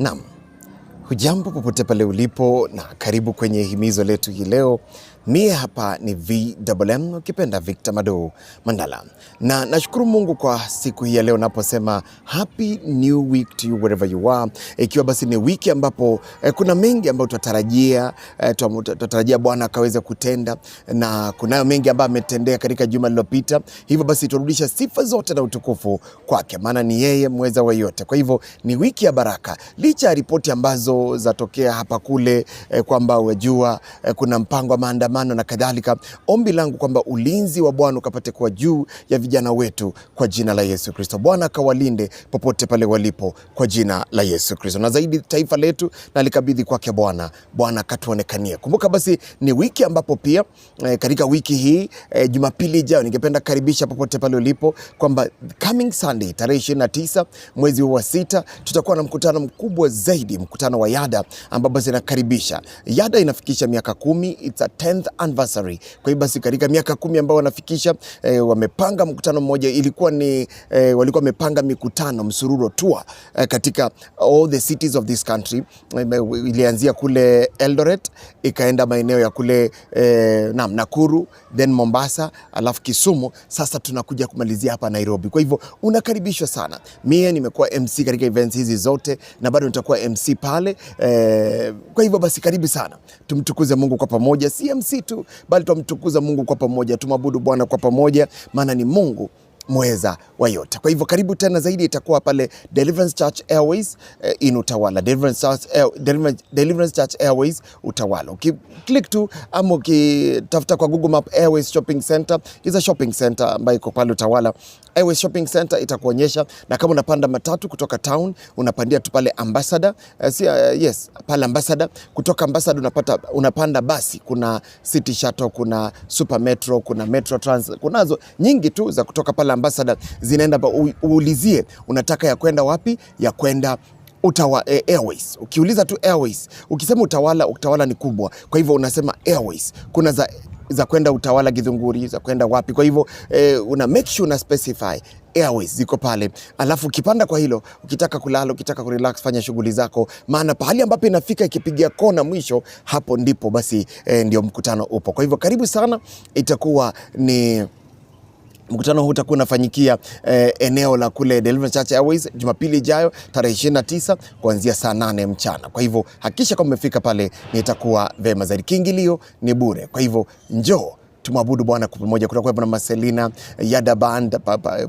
6. Hujambo popote pale ulipo na karibu kwenye himizo letu hii leo. Mie hapa ni VMM ukipenda Victor Mado Mandala, na nashukuru Mungu kwa siku hii ya leo naposema happy new week to you wherever you are, ikiwa basi ni wiki ambapo e, kuna mengi ambayo tutarajia e, eh, tutarajia Bwana akaweza kutenda, na kunayo mengi ambayo ametendea katika juma lililopita. Hivyo basi turudisha sifa zote na utukufu kwake, maana ni yeye mweza wa yote. Kwa hivyo ni wiki ya baraka, licha ya ripoti ambazo zatokea hapa kule eh, kwamba wajua eh, kuna mpango wa maandamano na kadhalika. Ombi langu kwamba ulinzi wa Bwana ukapate kuwa juu ya vijana wetu kwa jina la Yesu Kristo. Bwana akawalinde popote pale walipo kwa jina la Yesu Kristo, na zaidi taifa letu na likabidhi kwake Bwana. Bwana katuonekanie. Kumbuka basi ni wiki ambapo pia eh, katika wiki hii eh, Jumapili ijayo ningependa karibisha popote pale ulipo kwamba coming Sunday tarehe 29 mwezi wa sita tutakuwa na mkutano mkubwa zaidi, mkutano wa YADA ambapo zinakaribisha. YADA inafikisha miaka kumi, it's a 10th anniversary. Kwa hiyo basi katika miaka kumi ambao wanafikisha e, wamepanga mkutano mmoja ilikuwa ni e, walikuwa wamepanga mikutano msururo tour e, katika all the cities of this country e, ilianzia kule Eldoret ikaenda maeneo ya kule e, na Nakuru then Mombasa alafu Kisumu, sasa tunakuja kumalizia hapa Nairobi. Kwa hivyo unakaribishwa sana. Mie nimekuwa MC katika events hizi zote na bado nitakuwa MC pale Eh, kwa hivyo basi karibu sana tumtukuze Mungu kwa pamoja, si MC tu bali tumtukuze Mungu kwa pamoja, tumabudu Bwana kwa pamoja, maana ni Mungu mweza wa yote. Kwa hivyo karibu tena, zaidi itakuwa pale Deliverance Church Airways eh, in Utawala. Deliverance Church, eh, Deliverance, Deliverance Church Airways Utawala. click tu ama ukitafuta kwa Google Map Airways Shopping Center, is a shopping center ambayo iko pale Utawala Highway Shopping Center itakuonyesha, na kama unapanda matatu kutoka town unapandia tu pale Ambassador, uh, si, uh, yes, pale Ambassador. Kutoka Ambassador unapata unapanda basi, kuna City Shuttle, kuna Super Metro, kuna Metro Trans, kunazo nyingi tu za kutoka pale Ambassador zinaenda u, uulizie unataka ya kwenda wapi, ya kwenda Utawa, eh, Airways. Ukiuliza tu Airways, ukisema Utawala, Utawala ni kubwa, kwa hivyo unasema Airways. Kuna za za kwenda Utawala Githunguri, za kwenda wapi. Kwa hivyo eh, una make sure una specify airways ziko pale, alafu ukipanda kwa hilo, ukitaka kulala, ukitaka kurelax, fanya shughuli zako, maana pahali ambapo inafika ikipiga kona mwisho, hapo ndipo basi eh, ndio mkutano upo. Kwa hivyo karibu sana, itakuwa ni Mkutano huu utakuwa unafanyikia eh, eneo la kule Deliverance Church Airways Jumapili ijayo tarehe 29 kuanzia saa nane mchana. Kwa hivyo hakikisha kwamba umefika pale, nitakuwa vema zaidi. Kiingilio ni bure, kwa hivyo njoo tumwabudu Bwana kwa pamoja. Kutakuwa na Marcelina Yada Band,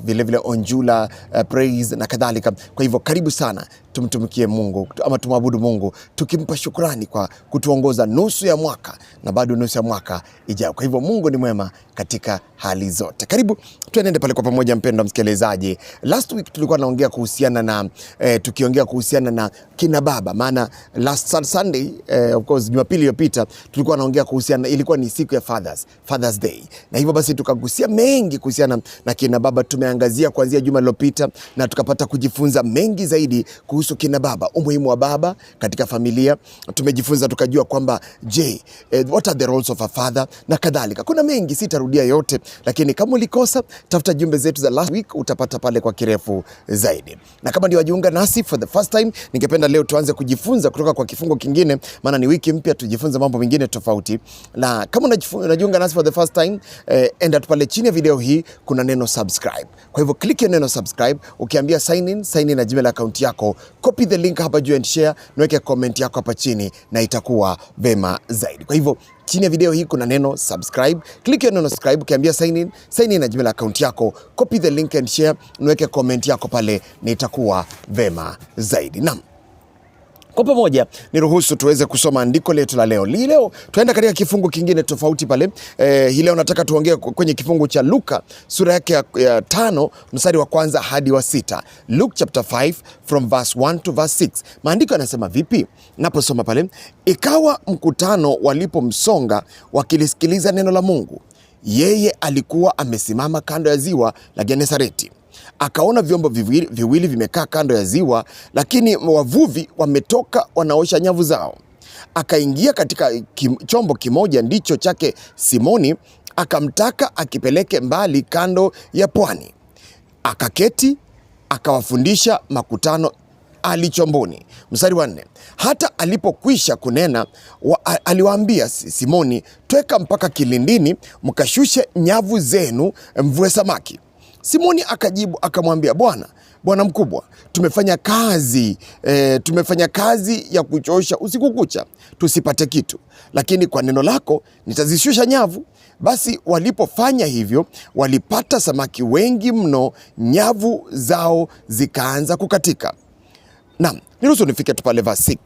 vilevile Onjula uh, Praise na kadhalika. Kwa hivyo karibu sana tumtumikie Mungu ama tumwabudu Mungu tukimpa shukrani kwa kutuongoza nusu ya mwaka na bado nusu ya mwaka ijayo. Kwa hivyo Mungu ni mwema katika hali zote. Karibu tuende pale kwa pamoja, mpendwa msikilizaji. Last week tulikuwa naongea kuhusiana na eh, tukiongea kuhusiana na kina baba, maana last Sunday eh, of course Jumapili iliyopita tulikuwa naongea kuhusiana, ilikuwa ni siku ya fathers, Father's Day, na hivyo basi tukagusia mengi kuhusiana na kina baba. Tumeangazia kuanzia juma lililopita na tukapata kujifunza mengi zaidi kuhusiana kuhusu kina baba, umuhimu wa baba katika familia. Tumejifunza tukajua kwamba je, eh, what are the roles of a father na kadhalika. Kuna mengi, sitarudia yote, lakini kama ulikosa, tafuta jumbe zetu za last week, utapata pale kwa kirefu zaidi. Na kama ndio wajiunga nasi for the first time, ningependa leo tuanze kujifunza kutoka kwa kifungo kingine, maana ni wiki mpya, tujifunze mambo mengine tofauti. Na kama unajiunga nasi for the first time, eh, enda pale chini ya video hii kuna neno subscribe. Kwa hivyo click hiyo neno subscribe, ukiambia sign in, sign in na Gmail account yako copy the link hapa juu and share, niweke comment yako hapa chini na itakuwa vema zaidi. Kwa hivyo chini ya video hii kuna neno subscribe, click hiyo neno subscribe, ukiambia sign in, sign in na la account yako, copy the link and share, niweke comment yako pale na itakuwa vema zaidi. Naam. Kwa pamoja niruhusu tuweze kusoma andiko letu la leo. Hii leo tuenda katika kifungu kingine tofauti pale. Eh, hii leo nataka tuongee kwenye kifungu cha Luka sura yake ya, ya tano mstari wa kwanza hadi wa sita. Luke chapter 5 from verse 1 to verse 6. Maandiko yanasema vipi? Naposoma pale, ikawa mkutano walipomsonga wakilisikiliza neno la Mungu. Yeye alikuwa amesimama kando ya ziwa la Genesareti akaona vyombo viwili, viwili vimekaa kando ya ziwa, lakini wavuvi wametoka wanaosha nyavu zao. Akaingia katika kim, chombo kimoja ndicho chake Simoni, akamtaka akipeleke mbali kando ya pwani. Akaketi akawafundisha makutano ali chomboni. Mstari wa nne, hata alipokwisha kunena wa, aliwaambia Simoni, tweka mpaka kilindini mkashushe nyavu zenu mvue samaki. Simoni akajibu akamwambia, Bwana bwana mkubwa, tumefanya kazi e, tumefanya kazi ya kuchosha usiku kucha tusipate kitu, lakini kwa neno lako nitazishusha nyavu. Basi walipofanya hivyo, walipata samaki wengi mno, nyavu zao zikaanza kukatika. Naam, niruhusu nifike tu pale verse 6.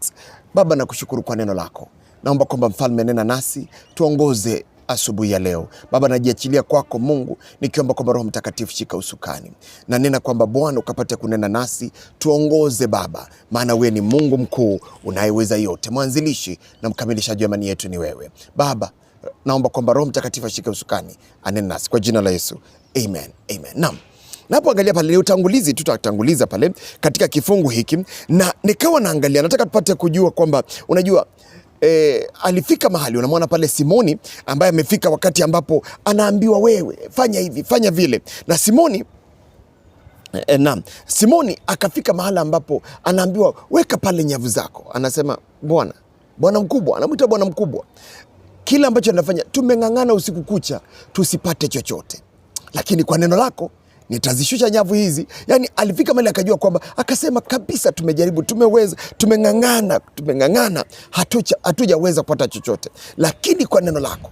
Baba, nakushukuru kwa neno lako, naomba kwamba mfalme, nena nasi tuongoze asubuhi ya leo. Baba, najiachilia kwako Mungu, nikiomba kwamba Roho Mtakatifu shika usukani na nena kwamba Bwana ukapate kunena nasi, tuongoze Baba, maana wewe ni Mungu mkuu unayeweza yote, mwanzilishi na mkamilishaji wa imani yetu ni wewe Baba. Naomba kwamba Roho Mtakatifu ashike usukani, anene nasi kwa jina la Yesu, amen, amen. Naam. Napoangalia pale ni utangulizi tu, tutatanguliza pale katika kifungu hiki, na nikawa naangalia, nataka tupate kujua kwamba unajua e, alifika mahali unamwona pale Simoni ambaye amefika wakati ambapo anaambiwa wewe fanya hivi fanya vile, na Simoni e, na Simoni akafika mahali ambapo anaambiwa weka pale nyavu zako, anasema bwana bwana mkubwa, anamwita bwana mkubwa, kile ambacho anafanya tumeng'ang'ana usiku kucha tusipate chochote, lakini kwa neno lako nitazishusha nyavu hizi. Yani alifika mali akajua kwamba akasema kabisa, tumejaribu, tumeweza, tumeng'ang'ana, tumeng'ang'ana, hatujaweza kupata chochote, lakini kwa neno lako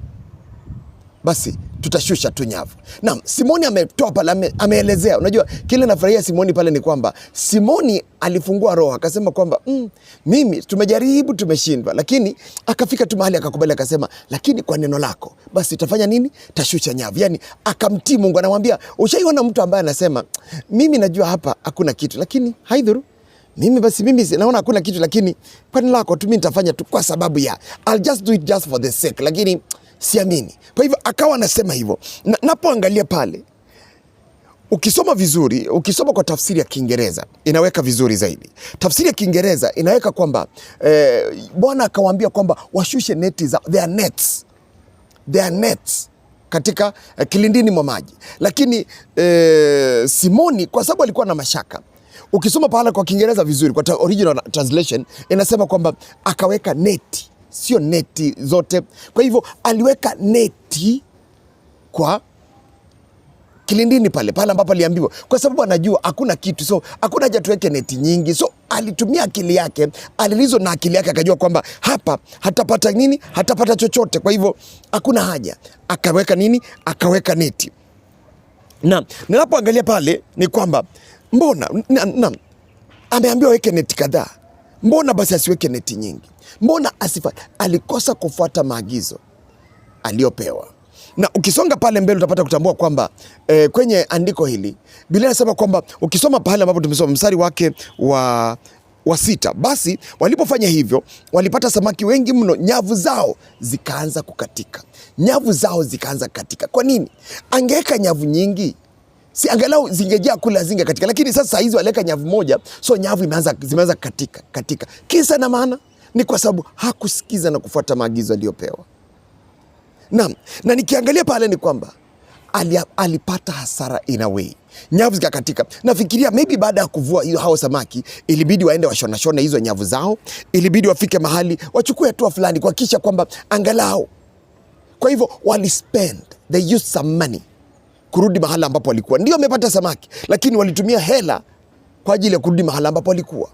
basi tutashusha tu nyavu. Naam, Simoni ametoa pale, ameelezea. Unajua kile nafurahia Simoni pale ni kwamba Simoni alifungua roho akasema kwamba mm, mimi tumejaribu tumeshindwa, lakini akafika tu mahali akakubali, akasema lakini kwa neno lako basi tafanya nini? Tashusha nyavu. Yani akamtii Mungu. Anamwambia, ushaiona mtu ambaye anasema mimi najua hapa hakuna kitu, lakini haidhuru mimi basi mimi naona hakuna kitu, lakini kwa neno lako tu mimi nitafanya tu, kwa sababu ya I'll just do it just for the sake, lakini siamini. Kwa hivyo akawa anasema hivyo, napoangalia pale, ukisoma vizuri, ukisoma kwa tafsiri ya Kiingereza inaweka vizuri zaidi. Tafsiri ya Kiingereza inaweka kwamba eh, Bwana akawaambia kwamba washushe neti za their nets, their nets katika eh, kilindini mwa maji, lakini eh, Simoni kwa sababu alikuwa na mashaka ukisoma pahala kwa Kiingereza vizuri, kwa original translation inasema kwamba akaweka neti sio neti zote. Kwa hivyo aliweka neti kwa kilindini pale pale ambapo aliambiwa, kwa sababu anajua hakuna kitu, so hakuna haja tuweke neti nyingi. So alitumia akili yake, alilizo na akili yake, akajua kwamba hapa hatapata nini, hatapata chochote. Kwa hivyo hakuna haja, akaweka nini, akaweka neti. Na ninapoangalia pale ni kwamba mbona na, na, ameambiwa weke neti kadhaa Mbona basi asiweke neti nyingi? Mbona asifa? Alikosa kufuata maagizo aliyopewa. Na ukisonga pale mbele utapata kutambua kwamba e, kwenye andiko hili Biblia inasema kwamba ukisoma pale ambapo tumesoma mstari wake wa wa sita, basi walipofanya hivyo walipata samaki wengi mno, nyavu zao zikaanza kukatika. Nyavu zao zikaanza kukatika. Kwa nini? Angeweka nyavu nyingi si angalau zingejaa kula zinge katika, lakini sasa hizi waleka nyavu moja, so nyavu imeanza zimeanza katika katika. Kisa na maana ni kwa sababu hakusikiza na kufuata maagizo aliyopewa. Na, na nikiangalia pale ni kwamba alipata hasara in a way, nyavu zikakatika. Nafikiria maybe baada ya kuvua hiyo hao samaki, ilibidi waende washonashone hizo nyavu zao, ilibidi wafike mahali wachukue hatua fulani kuhakikisha kwamba angalau. Kwa hivyo wali spend they used some money kurudi mahala ambapo walikuwa. Ndio wamepata samaki, lakini walitumia hela kwa ajili ya kurudi mahala ambapo walikuwa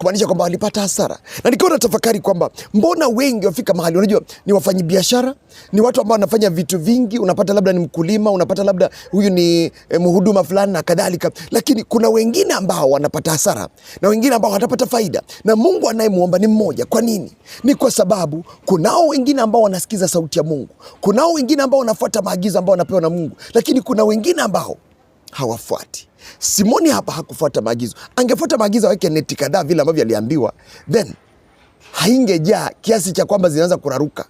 kumaanisha kwamba walipata hasara. Na nikiwa natafakari kwamba mbona wengi wafika mahali, unajua ni wafanyi biashara ni watu ambao wanafanya vitu vingi, unapata labda ni mkulima, unapata labda huyu ni eh, mhuduma fulani na kadhalika, lakini kuna wengine ambao wanapata hasara na wengine ambao watapata faida, na Mungu anayemwomba ni mmoja. Kwa nini? Ni kwa sababu kunao wengine ambao wanasikiza sauti ya Mungu, kunao wengine ambao wanafuata maagizo ambao wanapewa na Mungu, lakini kuna wengine ambao hawafuati. Simoni hapa hakufuata maagizo. Angefuata maagizo, aweke neti kadhaa vile ambavyo aliambiwa, then haingejaa kiasi cha kwamba zinaanza kuraruka,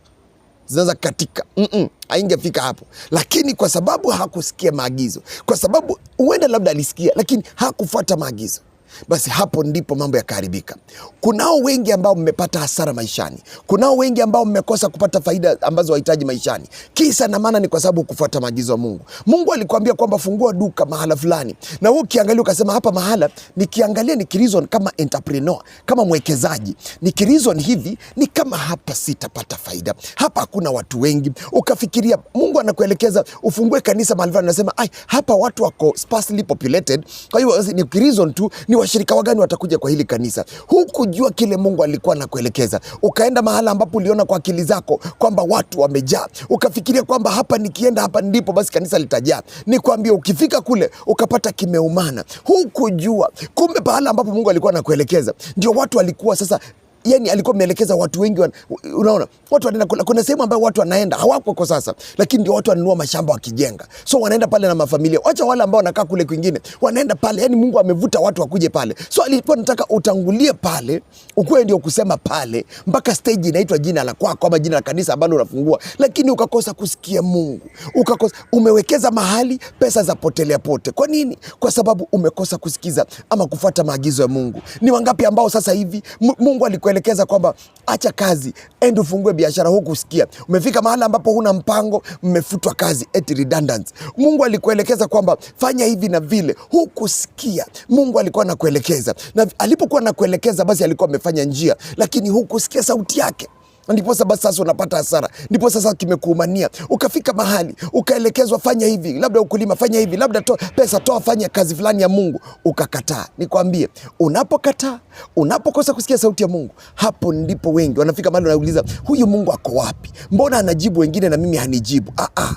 zinaanza katika mm -mm, haingefika hapo. Lakini kwa sababu hakusikia maagizo, kwa sababu huenda labda alisikia, lakini hakufuata maagizo basi hapo ndipo mambo yakaharibika. Kunao wengi ambao mmepata hasara maishani, kunao wengi ambao mmekosa kupata faida ambazo wahitaji maishani. Kisa na maana ni kwa sababu kufuata maagizo ya Mungu. Mungu alikwambia kwamba fungua duka mahala fulani, na wewe ukiangalia ukasema, hapa mahala nikiangalia ni kirizon kama entrepreneur, kama mwekezaji ni kirizon hivi, ni kama hapa sitapata faida, hapa hakuna watu wengi. Ukafikiria Mungu anakuelekeza ufungue kanisa mahala fulani, anasema ai, hapa watu wako sparsely populated, kwa hiyo ni kirizon tu ni washirika wagani watakuja kwa hili kanisa. Hukujua kile Mungu alikuwa anakuelekeza, ukaenda mahala ambapo uliona kwa akili zako kwamba watu wamejaa, ukafikiria kwamba hapa nikienda, hapa ndipo basi kanisa litajaa. kuambia ukifika kule ukapata kimeumana, hukujua kumbe pahala ambapo Mungu alikuwa anakuelekeza ndio watu walikuwa sasa yani alikuwa ameelekeza watu wengi wan, unaona watu wanaenda, kuna, kuna sehemu ambayo watu wanaenda hawako kwa sasa, lakini ndio watu wanunua mashamba wakijenga, so wanaenda pale na mafamilia. Wacha wale ambao wanakaa kule kwingine, wanaenda pale, yani Mungu amevuta watu wakuje pale. So alikuwa nataka utangulie pale, ukuwe ndio kusema pale mpaka stage inaitwa jina la kwako ama jina la kanisa ambalo unafungua, lakini ukakosa kusikia Mungu, ukakosa umewekeza mahali, pesa za potelea pote. Kwa nini? Kwa sababu umekosa kusikiza ama kufuata maagizo ya Mungu. Ni wangapi ambao sasa hivi Mungu alikuwa kuelekeza kwamba acha kazi, enda ufungue biashara. Huku usikia umefika mahala ambapo huna mpango, mmefutwa kazi, eti redundancy. Mungu alikuelekeza kwamba fanya hivi na vile, huku usikia. Mungu alikuwa anakuelekeza, na alipokuwa anakuelekeza, basi alikuwa amefanya njia, lakini huku usikia sauti yake. Ndipo sasa unapata hasara, ndipo sasa kimekuumania, ukafika mahali ukaelekezwa, fanya hivi, labda ukulima, fanya hivi, labda to, pesa toa, fanya kazi fulani ya Mungu, ukakataa. Nikwambie, unapokataa, unapokosa kusikia sauti ya Mungu, hapo ndipo wengi wanafika mahali wanauliza, huyu Mungu ako wapi? Mbona anajibu wengine na mimi hanijibu? A ah, -a. Ah.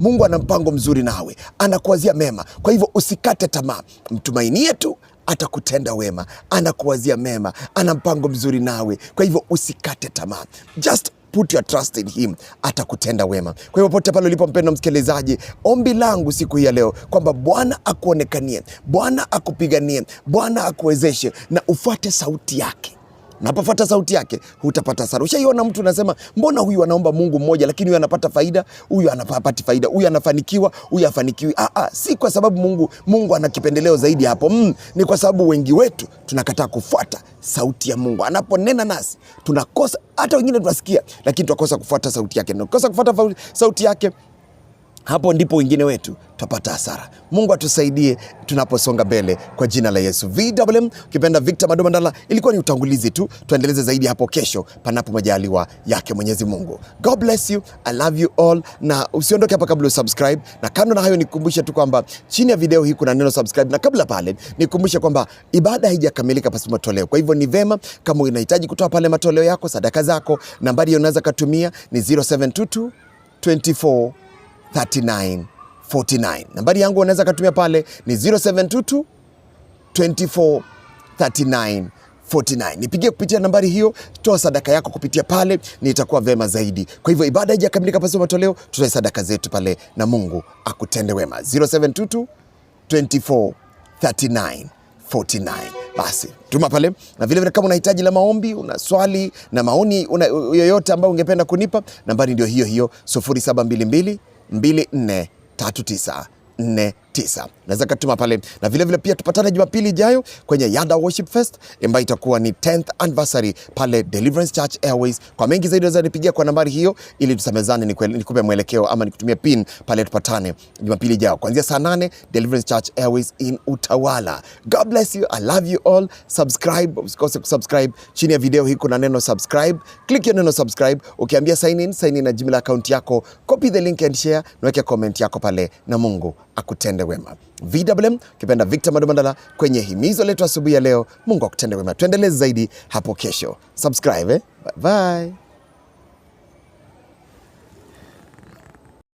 Mungu ana mpango mzuri nawe, anakuwazia mema. Kwa hivyo usikate tamaa, mtumainie tu atakutenda wema, anakuwazia mema, ana mpango mzuri nawe. Kwa hivyo usikate tamaa, just put your trust in him, atakutenda wema. Kwa hivyo popote pale ulipo, mpendo msikilizaji, ombi langu siku hii ya leo kwamba Bwana akuonekanie, Bwana akupiganie, Bwana akuwezeshe na ufuate sauti yake napofuata sauti yake utapata sara. Ushaiona mtu anasema mbona huyu anaomba Mungu mmoja, lakini huyu anapata faida, huyu anapata faida, huyu anafanikiwa, huyu afanikiwi. Ah, ah, si kwa sababu Mungu, Mungu ana kipendeleo zaidi hapo mm, ni kwa sababu wengi wetu tunakataa kufuata sauti ya Mungu anaponena nasi, tunakosa hata wengine tunasikia, lakini tunakosa kufuata sauti yake. Tunakosa kufuata sauti yake hapo ndipo wengine wetu tutapata hasara. Mungu atusaidie tunaposonga mbele kwa jina la Yesu. VMM ukipenda Victor Mandala Mandala, ilikuwa ni utangulizi tu, tuendeleze zaidi hapo kesho, panapo majaliwa yake Mwenyezi Mungu. God bless you, I love you all, na usiondoke hapa kabla usubscribe. Na kando na hayo, nikukumbushe tu kwamba chini ya video hii kuna neno subscribe, na kabla pale nikukumbushe kwamba ibada haijakamilika pasipo matoleo. Kwa hivyo ni vema kama unahitaji kutoa pale matoleo yako, sadaka zako, nambari unaweza katumia ni 0722 24 3949. Nambari yangu unaweza katumia pale ni 0722 24 39 49. Nipigie kupitia nambari hiyo, toa sadaka yako kupitia pale, ni itakuwa vema zaidi. Kwa hivyo ibada haijakamilika pasipo matoleo, tutoe sadaka zetu pale na Mungu akutende wema. 0722 24 39 49. Basi tuma pale, na vilevile kama unahitaji la maombi, una swali na maoni yoyote ambayo ungependa kunipa, nambari ndio hiyo hiyo 0722 2439 4 tisa. Naweza katuma pale, na vile vile pia tupatane Jumapili ijayo kwenye Yanda Worship Fest ambayo itakuwa ni 10th anniversary pale Deliverance Church Airways. Kwa mengi zaidi unaweza nipigia kwa nambari hiyo ili tusemezane, nikupe mwelekeo ama nikutumie pin pale. Tupatane Jumapili ijayo kuanzia saa 8 Deliverance Church Airways in Utawala. God bless you. I love you all. Subscribe, usikose kusubscribe. Chini ya video hii kuna neno subscribe. Click hiyo neno subscribe. Ukiambia sign in, sign in na Gmail account yako. Copy the link and share, na weke comment yako pale na Mungu akutende wema. VMM kipenda Victor Mandala kwenye himizo letu asubuhi ya leo, Mungu akutende wema. Tuendelee zaidi hapo kesho. Subscribe, eh? Bye, bye.